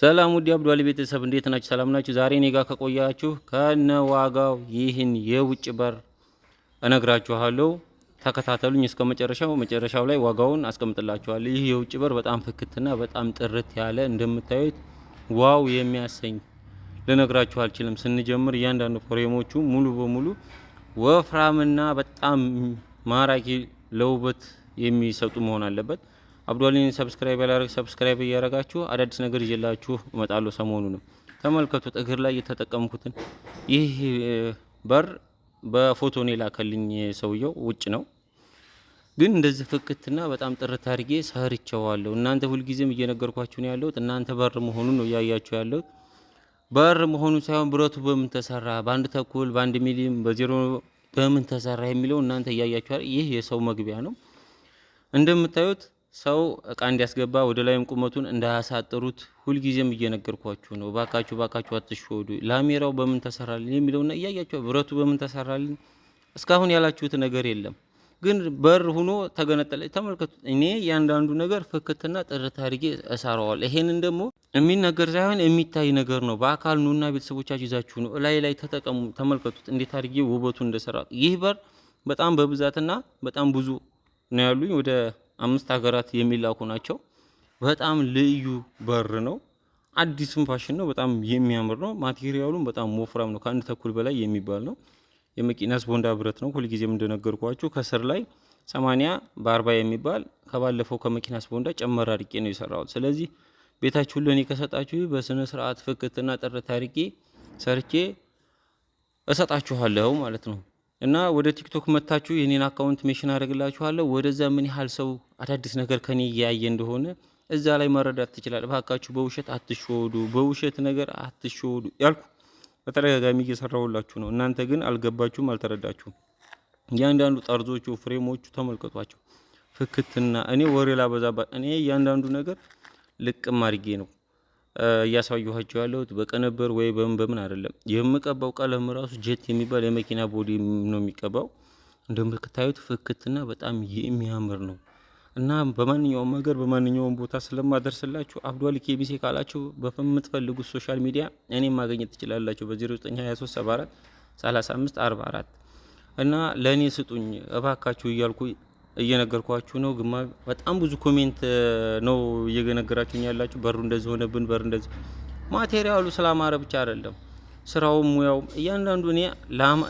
ሰላም ውድ አብዱአሊ ቤተሰብ እንዴት ናችሁ? ሰላም ናችሁ? ዛሬ እኔ ጋር ከቆያችሁ ከነ ዋጋው ይህን የውጭ በር እነግራችኋለሁ። ተከታተሉኝ እስከ መጨረሻው። መጨረሻው ላይ ዋጋውን አስቀምጥላችኋለሁ። ይህ የውጭ በር በጣም ፍክትና በጣም ጥርት ያለ እንደምታዩት ዋው የሚያሰኝ ልነግራችሁ አልችልም። ስንጀምር እያንዳንዱ ፍሬሞቹ ሙሉ በሙሉ ወፍራምና በጣም ማራኪ ለውበት የሚሰጡ መሆን አለበት። አብዱአሊን ሰብስክራይብ ያላረግ ሰብስክራይብ እያረጋችሁ አዳዲስ ነገር ይዤላችሁ እመጣለሁ። ሰሞኑንም ተመልከቱት። እግር ላይ የተጠቀምኩትን ይህ በር በፎቶ ነው የላከልኝ ሰውየው፣ ውጭ ነው ግን እንደዚህ ፍክትና በጣም ጥርት አድርጌ ሰርቸዋለሁ። እናንተ ሁልጊዜም እየነገርኳችሁ ነው ያለሁት። እናንተ በር መሆኑን ነው እያያችሁ ያለሁት። በር መሆኑ ሳይሆን ብረቱ በምን ተሰራ፣ በአንድ ተኩል፣ በአንድ ሚሊም፣ በዜሮ በምን ተሰራ የሚለው እናንተ እያያችሁ። ይህ የሰው መግቢያ ነው እንደምታዩት ሰው እቃ እንዲያስገባ ወደ ላይም ቁመቱን እንዳያሳጥሩት ሁልጊዜም እየነገርኳችሁ ነው። ባካችሁ ባካችሁ አትሸወዱ። ላሜራው በምን ተሰራልን የሚለውና እያያቸው ብረቱ በምን ተሰራልን እስካሁን ያላችሁት ነገር የለም። ግን በር ሆኖ ተገነጠለ። ተመልከቱ። እኔ እያንዳንዱ ነገር ፍክትና ጥርት አድርጌ እሰራዋል። ይሄንን ደግሞ የሚነገር ሳይሆን የሚታይ ነገር ነው። በአካል ኑና ቤተሰቦቻችሁ ይዛችሁ ነው ላይ ላይ ተጠቀሙ። ተመልከቱት እንዴት አድርጌ ውበቱ እንደሰራ። ይህ በር በጣም በብዛትና በጣም ብዙ ነው ያሉኝ ወደ አምስት ሀገራት የሚላኩ ናቸው። በጣም ልዩ በር ነው። አዲስም ፋሽን ነው። በጣም የሚያምር ነው። ማቴሪያሉም በጣም ወፍራም ነው። ከአንድ ተኩል በላይ የሚባል ነው። የመኪና ቦንዳ ብረት ነው። ሁልጊዜም እንደነገርኳችሁ ከስር ላይ ሰማንያ በአርባ የሚባል ከባለፈው ከመኪናስ ቦንዳ ጨመር አድርጌ ነው የሰራሁት። ስለዚህ ቤታችሁን ለእኔ ከሰጣችሁ በስነ ስርዓት ፍክትና ጥርት አድርጌ ሰርቼ እሰጣችኋለሁ ማለት ነው። እና ወደ ቲክቶክ መታችሁ የኔን አካውንት ሜሽን አደርግላችኋለሁ። ወደዛ ምን ያህል ሰው አዳዲስ ነገር ከኔ እያየ እንደሆነ እዛ ላይ መረዳት ትችላል። እባካችሁ በውሸት አትሸወዱ፣ በውሸት ነገር አትሸወዱ ያልኩ በተደጋጋሚ እየሰራሁላችሁ ነው። እናንተ ግን አልገባችሁም፣ አልተረዳችሁም። እያንዳንዱ ጠርዞቹ፣ ፍሬሞቹ ተመልከቷቸው። ፍክትና እኔ ወሬ ላበዛባ እኔ እያንዳንዱ ነገር ልቅም አድርጌ ነው እያሳየኋቸው ያለሁት በቀነበር ወይ በምን በምን አይደለም። የምቀባው ቀለም ራሱ ጀት የሚባል የመኪና ቦዲ ነው የሚቀባው። እንደምታዩት ፍክትና በጣም የሚያምር ነው እና በማንኛውም ሀገር በማንኛውም ቦታ ስለማደርስላችሁ አብዱአሊ ኬቢሲ ካላችሁ በምትፈልጉት ሶሻል ሚዲያ እኔም ማገኘት ትችላላችሁ በ0923743544 እና ለእኔ ስጡኝ እባካችሁ እያልኩ እየነገርኳችሁ ነው። ግማ በጣም ብዙ ኮሜንት ነው እየነገራችሁኝ ያላችሁ በሩ እንደዚህ ሆነብን፣ በሩ እንደዚህ ማቴሪያሉ ስላማረ ብቻ አይደለም ስራው ሙያው እያንዳንዱ እኔ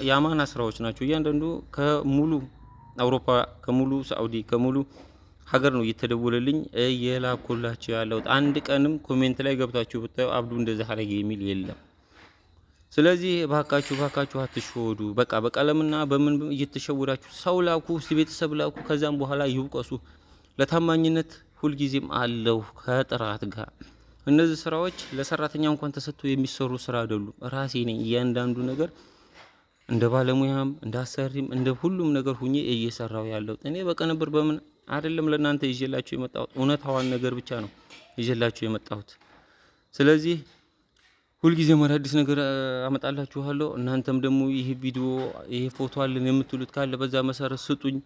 የአማና ስራዎች ናቸው። እያንዳንዱ ከሙሉ አውሮፓ ከሙሉ ሳዑዲ ከሙሉ ሀገር ነው እየተደወለልኝ እየላኩላቸው ያለሁት። አንድ ቀንም ኮሜንት ላይ ገብታችሁ ብታዩ አብዱ እንደዚህ አረገ የሚል የለም። ስለዚህ ባካችሁ ባካችሁ አትሸወዱ። በቃ በቀለምና በምን እየተሸወዳችሁ ሰው ላኩ፣ ቤተሰብ ላኩ። ከዛም በኋላ ይውቀሱ። ለታማኝነት ሁልጊዜም አለው ከጥራት ጋር። እነዚህ ስራዎች ለሰራተኛ እንኳን ተሰጥቶ የሚሰሩ ስራ አይደሉም። ራሴ ነኝ እያንዳንዱ ነገር እንደ ባለሙያም እንደ አሰሪም እንደ ሁሉም ነገር ሁኜ እየሰራው ያለው እኔ በቅንብር በምን አይደለም። ለእናንተ ይዤላችሁ የመጣሁት እውነታዋን ነገር ብቻ ነው ይዤላችሁ የመጣሁት ስለዚህ ሁልጊዜም አዳዲስ ነገር አመጣላችኋለሁ። እናንተም ደግሞ ይህ ቪዲዮ ይሄ ፎቶ አለን የምትሉት ካለ በዛ መሰረት ስጡኝ።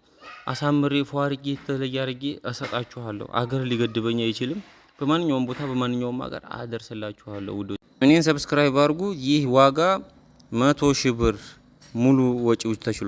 አሳምሬ ፏርጌ የተለየ አርጌ እሰጣችኋለሁ። አገር ሊገድበኝ አይችልም። በማንኛውም ቦታ በማንኛውም አገር አደርስላችኋለሁ። ውዶ እኔን ሰብስክራይብ አድርጉ። ይህ ዋጋ መቶ ሺህ ብር ሙሉ ወጪዎች ተችሎ